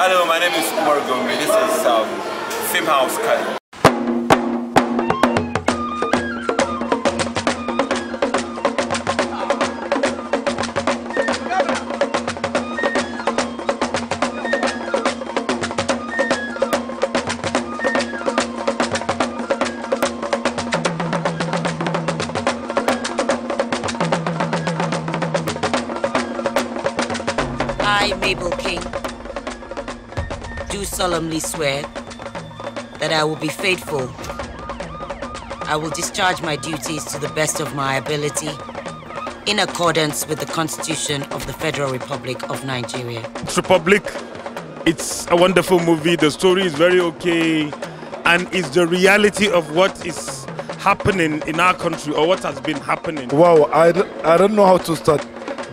Hello, my name is Umar Gombe. This is um, Film House Kali. I'm Mabel King do solemnly swear that I will be faithful. I will discharge my duties to the best of my ability in accordance with the Constitution of the Federal Republic of Nigeria. It's Republic, it's a wonderful movie. The story is very okay and it's the reality of what is happening in our country or what has been happening. Wow, I, I don't know how to start.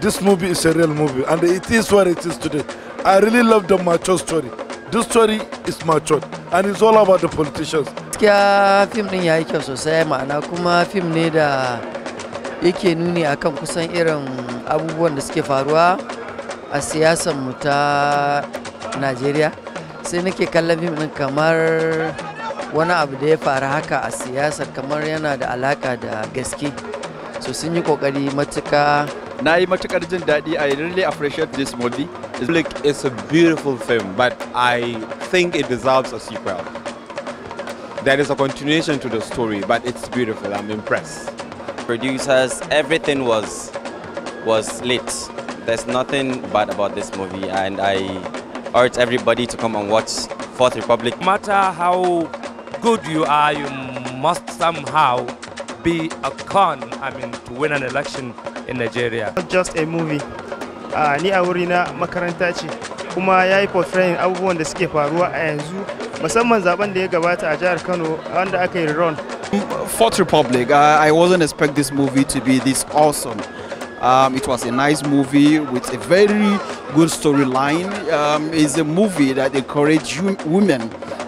This movie is a real movie and it is what it is today. I really love the mature story. this story is matured and it's all about the politicians gaskiya fim din yayi kyau sosai ma'ana kuma fim ne da yake nuni akan kusan irin abubuwan da suke faruwa a siyasar mu ta Najeriya sai nake kallon fim din kamar wani abu da ya faru haka a siyasar kamar yana da alaka da gaske so sun yi kokari matuka na yi matukar jin daɗi i really appreciate this movie It's a beautiful film, but I think it deserves a sequel. There is a continuation to the story, but it's beautiful. I'm impressed. Producers, everything was was lit. There's nothing bad about this movie, and I urge everybody to come and watch Fourth Republic. No matter how good you are, you must somehow be a con, I mean, to win an election in Nigeria. Not just a movie a ni a wuri na makaranta ce kuma ya portraying abubuwan da suke faruwa a yanzu musamman zaben da ya gabata a jihar kano wanda aka yi ron fourth republic uh, i wasn't expect this movie to be this awesome um, it was a nice movie with a very good storyline um, it's a movie that encourages women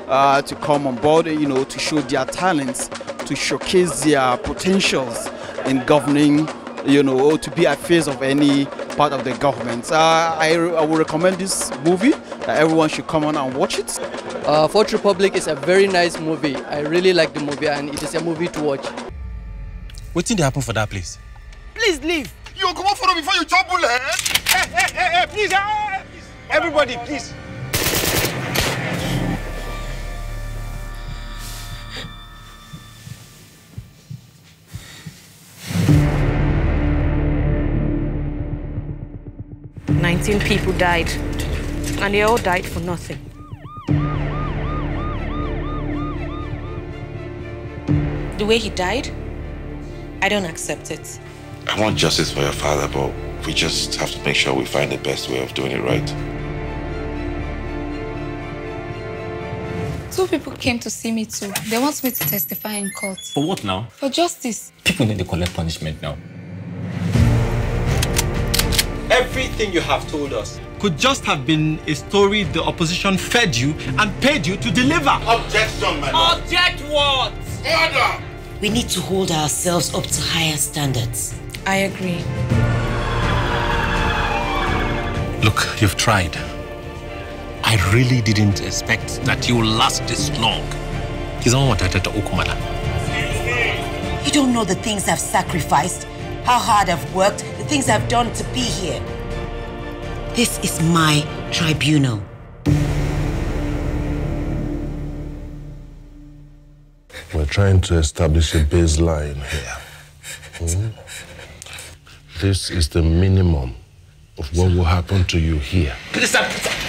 uh, to come on board you know to show their talents to showcase their potentials in governing you know to be a face of any part of the government. Uh, I, I would recommend this movie. everyone should come on and watch it. Uh, Fourth Republic is a very nice movie. I really like the movie and it is a movie to watch. What did happen for that place? Please leave. You come out for before you chop bullet. Eh? Hey, hey, hey, hey, please. Eh, eh, Everybody, please. 19 people died, and they all died for nothing. The way he died, I don't accept it. I want justice for your father, but we just have to make sure we find the best way of doing it right. Two people came to see me too. They want me to testify in court. For what now? For justice. People need to collect punishment now. Everything you have told us could just have been a story the opposition fed you and paid you to deliver. Objection, my lord. Object what? Order! We need to hold ourselves up to higher standards. I agree. Look, you've tried. I really didn't expect that you will last this long. You don't know the things I've sacrificed, how hard I've worked, things I've done to be here. This is my tribunal. We're trying to establish a baseline here. Hmm? This is the minimum of what will happen to you here. Please, please,